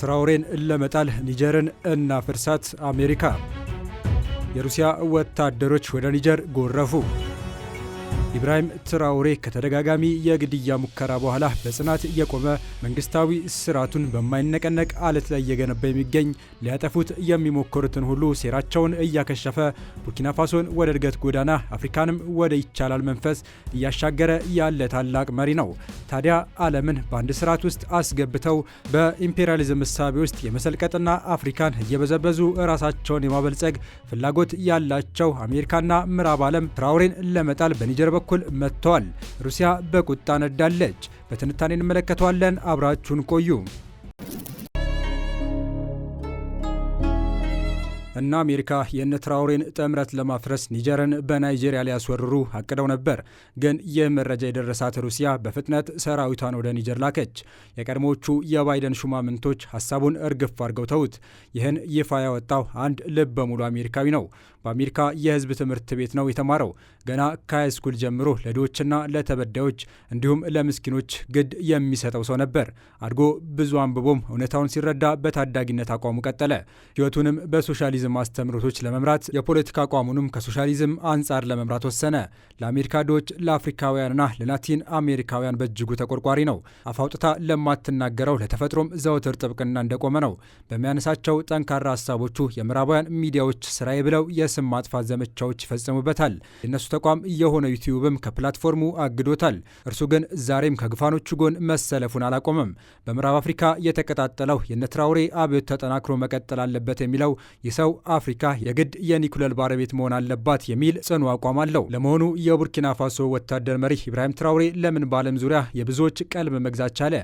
ትራውሬን ለመጣል ኒጀርን እናፍርሳት አሜሪካ። የሩሲያ ወታደሮች ወደ ኒጀር ጎረፉ። ኢብራሂም ትራውሬ ከተደጋጋሚ የግድያ ሙከራ በኋላ በጽናት የቆመ መንግስታዊ ስርዓቱን በማይነቀነቅ አለት ላይ እየገነባ የሚገኝ ሊያጠፉት የሚሞክሩትን ሁሉ ሴራቸውን እያከሸፈ ቡርኪና ፋሶን ወደ እድገት ጎዳና አፍሪካንም ወደ ይቻላል መንፈስ እያሻገረ ያለ ታላቅ መሪ ነው። ታዲያ ዓለምን በአንድ ስርዓት ውስጥ አስገብተው በኢምፔሪያሊዝም እሳቤ ውስጥ የመሰልቀጥና አፍሪካን እየበዘበዙ ራሳቸውን የማበልጸግ ፍላጎት ያላቸው አሜሪካና ምዕራብ ዓለም ትራውሬን ለመጣል በኒጀር በኩል መጥተዋል። ሩሲያ በቁጣ ነዳለች። በትንታኔ እንመለከተዋለን። አብራችሁን ቆዩ። እነ አሜሪካ የነ ትራውሬን ጥምረት ለማፍረስ ኒጀርን በናይጄሪያ ሊያስወርሩ አቅደው ነበር። ግን ይህ መረጃ የደረሳት ሩሲያ በፍጥነት ሰራዊቷን ወደ ኒጀር ላከች። የቀድሞዎቹ የባይደን ሹማምንቶች ሀሳቡን እርግፍ አድርገው ተዉት። ይህን ይፋ ያወጣው አንድ ልብ በሙሉ አሜሪካዊ ነው። በአሜሪካ የህዝብ ትምህርት ቤት ነው የተማረው። ገና ከሃይስኩል ጀምሮ ለድሆችና ለተበዳዮች እንዲሁም ለምስኪኖች ግድ የሚሰጠው ሰው ነበር። አድጎ ብዙ አንብቦም እውነታውን ሲረዳ በታዳጊነት አቋሙ ቀጠለ። ህይወቱንም በሶሻሊዝም አስተምህሮቶች ለመምራት የፖለቲካ አቋሙንም ከሶሻሊዝም አንጻር ለመምራት ወሰነ። ለአሜሪካ ድሆች፣ ለአፍሪካውያንና ለላቲን አሜሪካውያን በእጅጉ ተቆርቋሪ ነው። አፋውጥታ ለማትናገረው ለተፈጥሮም ዘወትር ጥብቅና እንደቆመ ነው። በሚያነሳቸው ጠንካራ ሀሳቦቹ የምዕራባውያን ሚዲያዎች ስራዬ ብለው የስም ማጥፋት ዘመቻዎች ይፈጸሙበታል። የእነሱ ተቋም የሆነ ዩቲዩብም ከፕላትፎርሙ አግዶታል። እርሱ ግን ዛሬም ከግፋኖቹ ጎን መሰለፉን አላቆመም። በምዕራብ አፍሪካ የተቀጣጠለው የነትራውሬ አብዮት ተጠናክሮ መቀጠል አለበት የሚለው ይህ ሰው አፍሪካ የግድ የኒኩለል ባለቤት መሆን አለባት የሚል ጽኑ አቋም አለው። ለመሆኑ የቡርኪና ፋሶ ወታደር መሪ ኢብራሂም ትራውሬ ለምን በዓለም ዙሪያ የብዙዎች ቀልብ መግዛት ቻለ?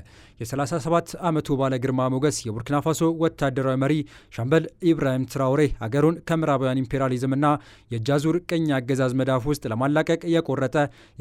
የ37 ዓመቱ ባለ ግርማ ሞገስ የቡርኪና ፋሶ ወታደራዊ መሪ ሻምበል ኢብራሂም ትራውሬ አገሩን ከምዕራባውያን ኢምፔሪያል ቶታሊታሪዝምና የጃዙር ቅኝ አገዛዝ መዳፍ ውስጥ ለማላቀቅ የቆረጠ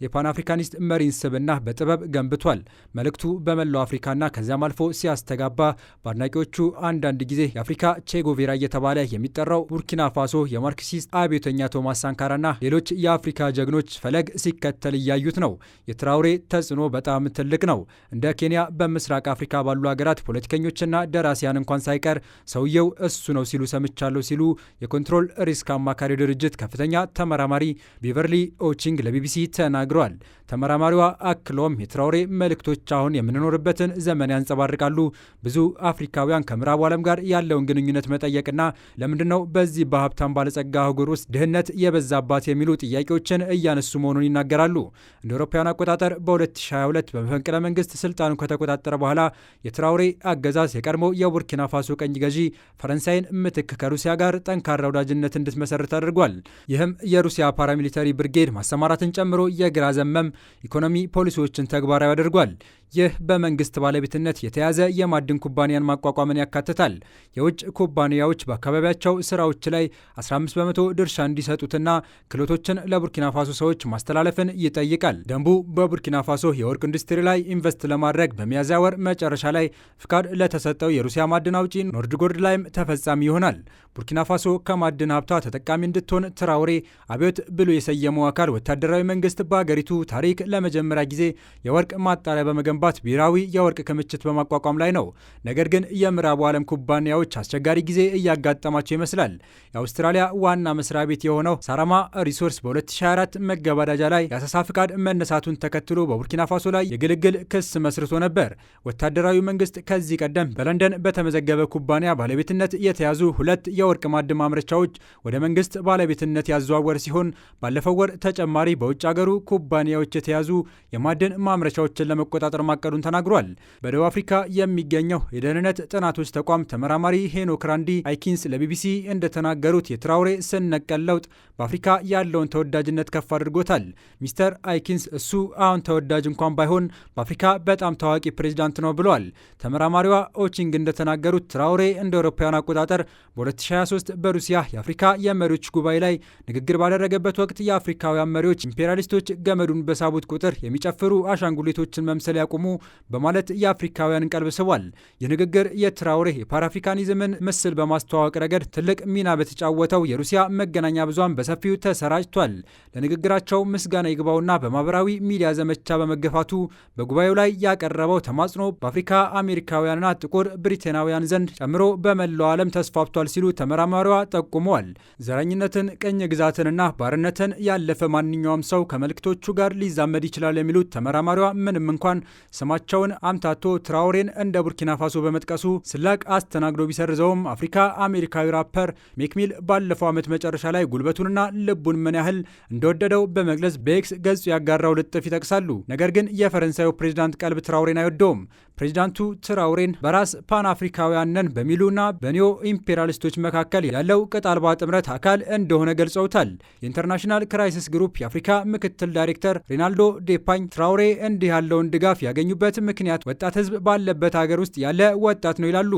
የፓን አፍሪካኒስት መሪን ስብና በጥበብ ገንብቷል። መልእክቱ በመላው አፍሪካና ከዚያም አልፎ ሲያስተጋባ በአድናቂዎቹ አንዳንድ ጊዜ የአፍሪካ ቼጎቬራ እየተባለ የሚጠራው ቡርኪና ፋሶ የማርክሲስት አብዮተኛ ቶማስ ሳንካራና ሌሎች የአፍሪካ ጀግኖች ፈለግ ሲከተል እያዩት ነው። የትራውሬ ተጽዕኖ በጣም ትልቅ ነው። እንደ ኬንያ በምስራቅ አፍሪካ ባሉ ሀገራት ፖለቲከኞችና ደራሲያን እንኳን ሳይቀር ሰውየው እሱ ነው ሲሉ ሰምቻለሁ ሲሉ የኮንትሮል ሪስክ አማካሪ ድርጅት ከፍተኛ ተመራማሪ ቢቨርሊ ኦቺንግ ለቢቢሲ ተናግረዋል። ተመራማሪዋ አክሎም የትራውሬ መልእክቶች አሁን የምንኖርበትን ዘመን ያንጸባርቃሉ። ብዙ አፍሪካውያን ከምዕራቡ ዓለም ጋር ያለውን ግንኙነት መጠየቅና ለምንድነው በዚህ በሀብታም ባለጸጋ አህጉር ውስጥ ድህነት የበዛባት የሚሉ ጥያቄዎችን እያነሱ መሆኑን ይናገራሉ። እንደ አውሮፓውያን አቆጣጠር በ2022 በመፈንቅለ መንግስት ስልጣኑን ከተቆጣጠረ በኋላ የትራውሬ አገዛዝ የቀድሞ የቡርኪና ፋሶ ቀኝ ገዢ ፈረንሳይን ምትክ ከሩሲያ ጋር ጠንካራ ወዳጅነት እንድትመሰረት እንዲመሰርት አድርጓል። ይህም የሩሲያ ፓራሚሊታሪ ብርጌድ ማሰማራትን ጨምሮ የግራ ዘመም ኢኮኖሚ ፖሊሲዎችን ተግባራዊ አድርጓል። ይህ በመንግስት ባለቤትነት የተያዘ የማዕድን ኩባንያን ማቋቋምን ያካትታል። የውጭ ኩባንያዎች በአካባቢያቸው ስራዎች ላይ 15 በመቶ ድርሻ እንዲሰጡትና ክህሎቶችን ለቡርኪና ፋሶ ሰዎች ማስተላለፍን ይጠይቃል። ደንቡ በቡርኪና ፋሶ የወርቅ ኢንዱስትሪ ላይ ኢንቨስት ለማድረግ በሚያዝያ ወር መጨረሻ ላይ ፍቃድ ለተሰጠው የሩሲያ ማዕድን አውጪ ኖርድጎርድ ላይም ተፈጻሚ ይሆናል። ቡርኪና ፋሶ ከማዕድን ሀብቷ ተጠቃሚ ተጠቃሚ እንድትሆን ትራውሬ አብዮት ብሎ የሰየመው አካል ወታደራዊ መንግስት በሀገሪቱ ታሪክ ለመጀመሪያ ጊዜ የወርቅ ማጣሪያ በመገንባት ብሔራዊ የወርቅ ክምችት በማቋቋም ላይ ነው። ነገር ግን የምዕራቡ ዓለም ኩባንያዎች አስቸጋሪ ጊዜ እያጋጠማቸው ይመስላል። የአውስትራሊያ ዋና መስሪያ ቤት የሆነው ሳራማ ሪሶርስ በ2024 መገባዳጃ ላይ የአሰሳ ፍቃድ መነሳቱን ተከትሎ በቡርኪና ፋሶ ላይ የግልግል ክስ መስርቶ ነበር። ወታደራዊ መንግስት ከዚህ ቀደም በለንደን በተመዘገበ ኩባንያ ባለቤትነት የተያዙ ሁለት የወርቅ ማዕድን ማምረቻዎች ወደ መንግስት ባለቤትነት ያዘዋወር ሲሆን ባለፈው ወር ተጨማሪ በውጭ አገሩ ኩባንያዎች የተያዙ የማዕድን ማምረቻዎችን ለመቆጣጠር ማቀዱን ተናግሯል። በደቡብ አፍሪካ የሚገኘው የደህንነት ጥናቶች ተቋም ተመራማሪ ሄኖክ ራንዲ አይኪንስ ለቢቢሲ እንደተናገሩት የትራውሬ ስነቀል ለውጥ በአፍሪካ ያለውን ተወዳጅነት ከፍ አድርጎታል። ሚስተር አይኪንስ እሱ አሁን ተወዳጅ እንኳን ባይሆን በአፍሪካ በጣም ታዋቂ ፕሬዚዳንት ነው ብለዋል። ተመራማሪዋ ኦቺንግ እንደተናገሩት ትራውሬ እንደ አውሮፓውያን አቆጣጠር በ2023 በሩሲያ የአፍሪካ የመ መሪዎች ጉባኤ ላይ ንግግር ባደረገበት ወቅት የአፍሪካውያን መሪዎች ኢምፔሪያሊስቶች ገመዱን በሳቡት ቁጥር የሚጨፍሩ አሻንጉሊቶችን መምሰል ያቁሙ በማለት የአፍሪካውያንን ቀልብ ስቧል። ይህ ንግግር የትራውሬ የፓራአፍሪካኒዝምን ምስል በማስተዋወቅ ረገድ ትልቅ ሚና በተጫወተው የሩሲያ መገናኛ ብዙሃን በሰፊው ተሰራጭቷል። ለንግግራቸው ምስጋና ይግባውና በማህበራዊ ሚዲያ ዘመቻ በመገፋቱ በጉባኤው ላይ ያቀረበው ተማጽኖ በአፍሪካ አሜሪካውያንና ጥቁር ብሪቴናውያን ዘንድ ጨምሮ በመላው ዓለም ተስፋፍቷል ሲሉ ተመራማሪዋ ጠቁመዋል። ዘረኝነትን፣ ቅኝ ግዛትንና ባርነትን ያለፈ ማንኛውም ሰው ከመልእክቶቹ ጋር ሊዛመድ ይችላል የሚሉት ተመራማሪዋ ምንም እንኳን ስማቸውን አምታቶ ትራውሬን እንደ ቡርኪና ፋሶ በመጥቀሱ ስላቅ አስተናግዶ ቢሰርዘውም አፍሪካ አሜሪካዊ ራፐር ሜክሚል ባለፈው ዓመት መጨረሻ ላይ ጉልበቱንና ልቡን ምን ያህል እንደወደደው በመግለጽ በኤክስ ገጹ ያጋራው ልጥፍ ይጠቅሳሉ። ነገር ግን የፈረንሳዩ ፕሬዚዳንት ቀልብ ትራውሬን አይወደውም። ፕሬዚዳንቱ ትራውሬን በራስ ፓን አፍሪካውያን ነን በሚሉና በኒዮ ኢምፔሪያሊስቶች መካከል ያለው ቅጥ አልባ ጥምረት አካል እንደሆነ ገልጸውታል። የኢንተርናሽናል ክራይሲስ ግሩፕ የአፍሪካ ምክትል ዳይሬክተር ሪናልዶ ዴፓኝ ትራውሬ እንዲህ ያለውን ድጋፍ ያገኙበት ምክንያት ወጣት ህዝብ ባለበት ሀገር ውስጥ ያለ ወጣት ነው ይላሉ።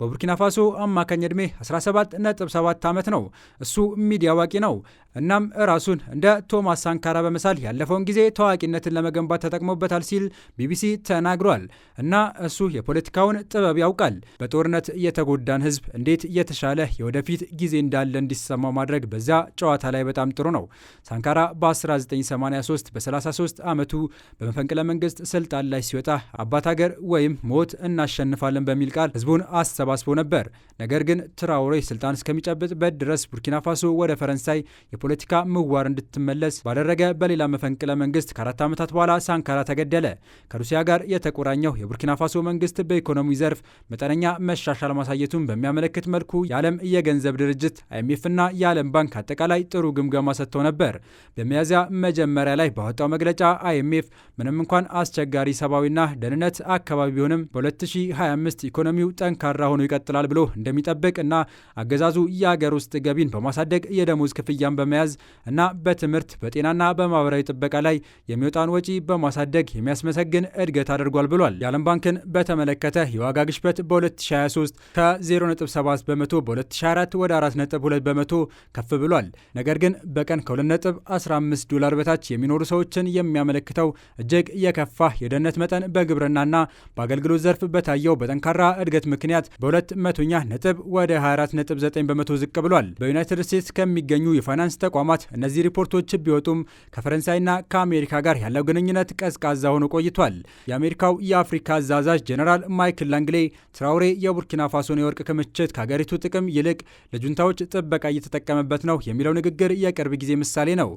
በቡርኪና ፋሶ አማካኝ ዕድሜ 17.7 ዓመት ነው። እሱ ሚዲያ አዋቂ ነው። እናም ራሱን እንደ ቶማስ ሳንካራ በመሳል ያለፈውን ጊዜ ታዋቂነትን ለመገንባት ተጠቅሞበታል ሲል ቢቢሲ ተናግሯል እና እሱ የፖለቲካውን ጥበብ ያውቃል። በጦርነት የተጎዳን ህዝብ እንዴት የተሻለ የወደፊት ጊዜ እንዳለ እንዲሰማው ማድረግ በዚያ ጨዋታ ላይ በጣም ጥሩ ነው። ሳንካራ በ1983 በ33 ዓመቱ በመፈንቅለ መንግስት ስልጣን ላይ ሲወጣ አባት ሀገር ወይም ሞት እናሸንፋለን በሚል ቃል ህዝቡን አሰባስቦ ነበር። ነገር ግን ትራውሬ ስልጣን እስከሚጨብጥበት ድረስ ቡርኪና ፋሶ ወደ ፈረንሳይ የፖለቲካ ምዋር እንድትመለስ ባደረገ በሌላ መፈንቅለ መንግስት ከአራት ዓመታት በኋላ ሳንካራ ተገደለ። ከሩሲያ ጋር የተቆራኘው የቡርኪና የቡርኪና ፋሶ መንግስት በኢኮኖሚ ዘርፍ መጠነኛ መሻሻል ማሳየቱን በሚያመለክት መልኩ የዓለም የገንዘብ ድርጅት አይኤምኤፍና የዓለም ባንክ አጠቃላይ ጥሩ ግምገማ ሰጥተው ነበር። በሚያዝያ መጀመሪያ ላይ ባወጣው መግለጫ አይኤምኤፍ ምንም እንኳን አስቸጋሪ ሰብአዊና ደህንነት አካባቢ ቢሆንም በ2025 ኢኮኖሚው ጠንካራ ሆኖ ይቀጥላል ብሎ እንደሚጠብቅ እና አገዛዙ የአገር ውስጥ ገቢን በማሳደግ የደሞዝ ክፍያን በመያዝ እና በትምህርት በጤናና በማህበራዊ ጥበቃ ላይ የሚወጣን ወጪ በማሳደግ የሚያስመሰግን እድገት አድርጓል ብሏል። የዓለም ባንክ ባንክን በተመለከተ የዋጋ ግሽበት በ2023 ከ0.7 በመቶ በ2024 ወደ 4.2 በመቶ ከፍ ብሏል። ነገር ግን በቀን ከ2.15 ዶላር በታች የሚኖሩ ሰዎችን የሚያመለክተው እጅግ የከፋ የደህንነት መጠን በግብርናና በአገልግሎት ዘርፍ በታየው በጠንካራ እድገት ምክንያት በሁለት መቶኛ ነጥብ ወደ 24.9 በመቶ ዝቅ ብሏል። በዩናይትድ ስቴትስ ከሚገኙ የፋይናንስ ተቋማት እነዚህ ሪፖርቶች ቢወጡም ከፈረንሳይና ከአሜሪካ ጋር ያለው ግንኙነት ቀዝቃዛ ሆኖ ቆይቷል። የአሜሪካው የአፍሪካ አዛዥ ጀነራል ማይክል ላንግሌ ትራውሬ የቡርኪና ፋሶን የወርቅ ክምችት ከሀገሪቱ ጥቅም ይልቅ ለጁንታዎች ጥበቃ እየተጠቀመበት ነው የሚለው ንግግር የቅርብ ጊዜ ምሳሌ ነው።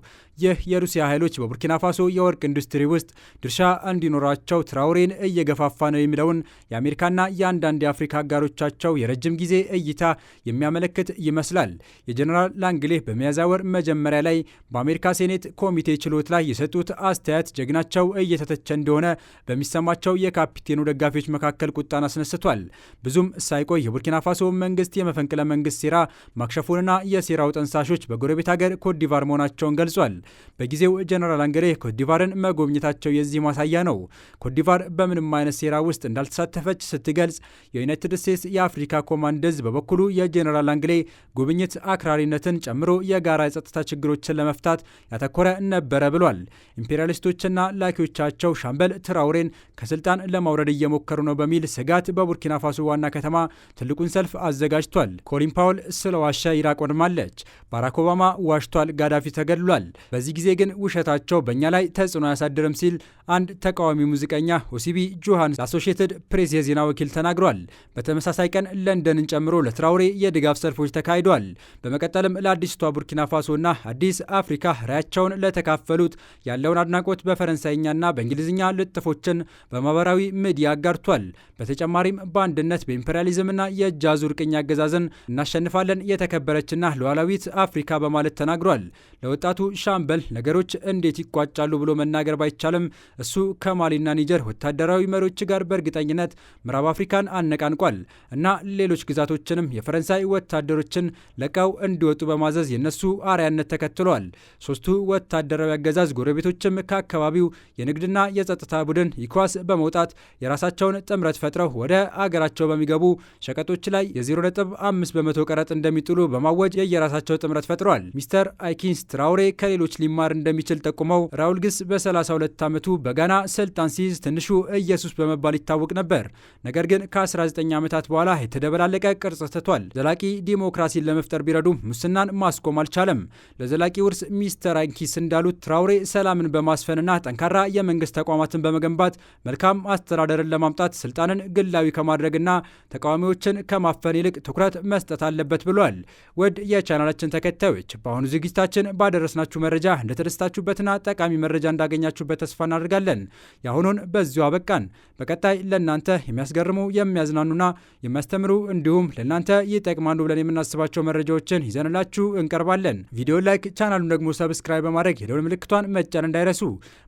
ይህ የሩሲያ ኃይሎች በቡርኪና ፋሶ የወርቅ ኢንዱስትሪ ውስጥ ድርሻ እንዲኖራቸው ትራውሬን እየገፋፋ ነው የሚለውን የአሜሪካና የአንዳንድ የአፍሪካ አጋሮቻቸው የረጅም ጊዜ እይታ የሚያመለክት ይመስላል። የጀነራል ላንግሌ በሚያዝያ ወር መጀመሪያ ላይ በአሜሪካ ሴኔት ኮሚቴ ችሎት ላይ የሰጡት አስተያየት ጀግናቸው እየተተቸ እንደሆነ በሚሰማቸው የካፒቴኑ ደጋፊዎች መካከል ቁጣን አስነስቷል። ብዙም ሳይቆይ የቡርኪና ፋሶ መንግስት የመፈንቅለ መንግስት ሴራ ማክሸፉንና የሴራው ጠንሳሾች በጎረቤት ሀገር ኮትዲቫር መሆናቸውን ገልጿል። በጊዜው ጀነራል አንገሬ ኮትዲቫርን መጎብኘታቸው የዚህ ማሳያ ነው። ኮትዲቫር በምንም አይነት ሴራ ውስጥ እንዳልተሳተፈች ስትገልጽ፣ የዩናይትድ ስቴትስ የአፍሪካ ኮማንደዝ በበኩሉ የጀነራል አንግሌ ጉብኝት አክራሪነትን ጨምሮ የጋራ የጸጥታ ችግሮችን ለመፍታት ያተኮረ ነበረ ብሏል። ኢምፔሪያሊስቶችና ላኪዎቻቸው ሻምበል ትራውሬን ከስልጣን ለማውረድ ለማውረድ እየሞከሩ ነው በሚል ስጋት በቡርኪና ፋሶ ዋና ከተማ ትልቁን ሰልፍ አዘጋጅቷል። ኮሊን ፓውል ስለዋሻ ኢራቅ ወድማለች፣ ባራክ ኦባማ ዋሽቷል፣ ጋዳፊ ተገድሏል፣ በዚህ ጊዜ ግን ውሸታቸው በእኛ ላይ ተጽዕኖ አያሳድርም ሲል አንድ ተቃዋሚ ሙዚቀኛ ሆሲቢ ጆሃን ለአሶሺየትድ ፕሬስ የዜና ወኪል ተናግሯል። በተመሳሳይ ቀን ለንደንን ጨምሮ ለትራውሬ የድጋፍ ሰልፎች ተካሂዷል። በመቀጠልም ለአዲስቷ ቡርኪና ፋሶና አዲስ አፍሪካ ራያቸውን ለተካፈሉት ያለውን አድናቆት በፈረንሳይኛና በእንግሊዝኛ ልጥፎችን በማህበራዊ ሚዲያ አጋርቷል። በተጨማሪም በአንድነት በኢምፔሪያሊዝምና የእጅ አዙር ቅኝ አገዛዝን እናሸንፋለን የተከበረችና ሉዓላዊት አፍሪካ በማለት ተናግሯል። ለወጣቱ ሻምበል ነገሮች እንዴት ይቋጫሉ ብሎ መናገር ባይቻልም እሱ ከማሊና ኒጀር ወታደራዊ መሪዎች ጋር በእርግጠኝነት ምዕራብ አፍሪካን አነቃንቋል እና ሌሎች ግዛቶችንም የፈረንሳይ ወታደሮችን ለቀው እንዲወጡ በማዘዝ የነሱ አርያነት ተከትሏል። ሶስቱ ወታደራዊ አገዛዝ ጎረቤቶችም ከአካባቢው የንግድና የጸጥታ ቡድን ኢኳስ በመውጣት የራሳቸውን ጥምረት ፈጥረው ወደ አገራቸው በሚገቡ ሸቀጦች ላይ የ0.5 በመቶ ቀረጥ እንደሚጥሉ በማወጅ የየራሳቸው ጥምረት ፈጥረዋል። ሚስተር አይኪንስ ትራውሬ ከሌሎች ሊማር እንደሚችል ጠቁመው ራውልግስ በ32 ዓመቱ በጋና ስልጣን ሲይዝ ትንሹ ኢየሱስ በመባል ይታወቅ ነበር። ነገር ግን ከ19 ዓመታት በኋላ የተደበላለቀ ቅርጽ ትቷል። ዘላቂ ዲሞክራሲን ለመፍጠር ቢረዱም ሙስናን ማስቆም አልቻለም። ለዘላቂ ውርስ ሚስተር አይኪንስ እንዳሉት ትራውሬ ሰላምን በማስፈንና ጠንካራ የመንግስት ተቋማትን በመገንባት መልካም አስተዳደር አስተዳደርን ለማምጣት ስልጣንን ግላዊ ከማድረግና ተቃዋሚዎችን ከማፈን ይልቅ ትኩረት መስጠት አለበት ብሏል። ውድ የቻናላችን ተከታዮች በአሁኑ ዝግጅታችን ባደረስናችሁ መረጃ እንደተደስታችሁበትና ጠቃሚ መረጃ እንዳገኛችሁበት ተስፋ እናደርጋለን። የአሁኑን በዚሁ አበቃን። በቀጣይ ለእናንተ የሚያስገርሙ የሚያዝናኑና የሚያስተምሩ እንዲሁም ለእናንተ ይጠቅማሉ ብለን የምናስባቸው መረጃዎችን ይዘንላችሁ እንቀርባለን። ቪዲዮ ላይክ፣ ቻናሉን ደግሞ ሰብስክራይብ በማድረግ የደውል ምልክቷን መጫን እንዳይረሱ።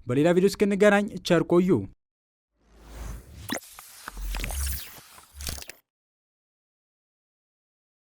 በሌላ ቪዲዮ እስክንገናኝ ቸር ቆዩ።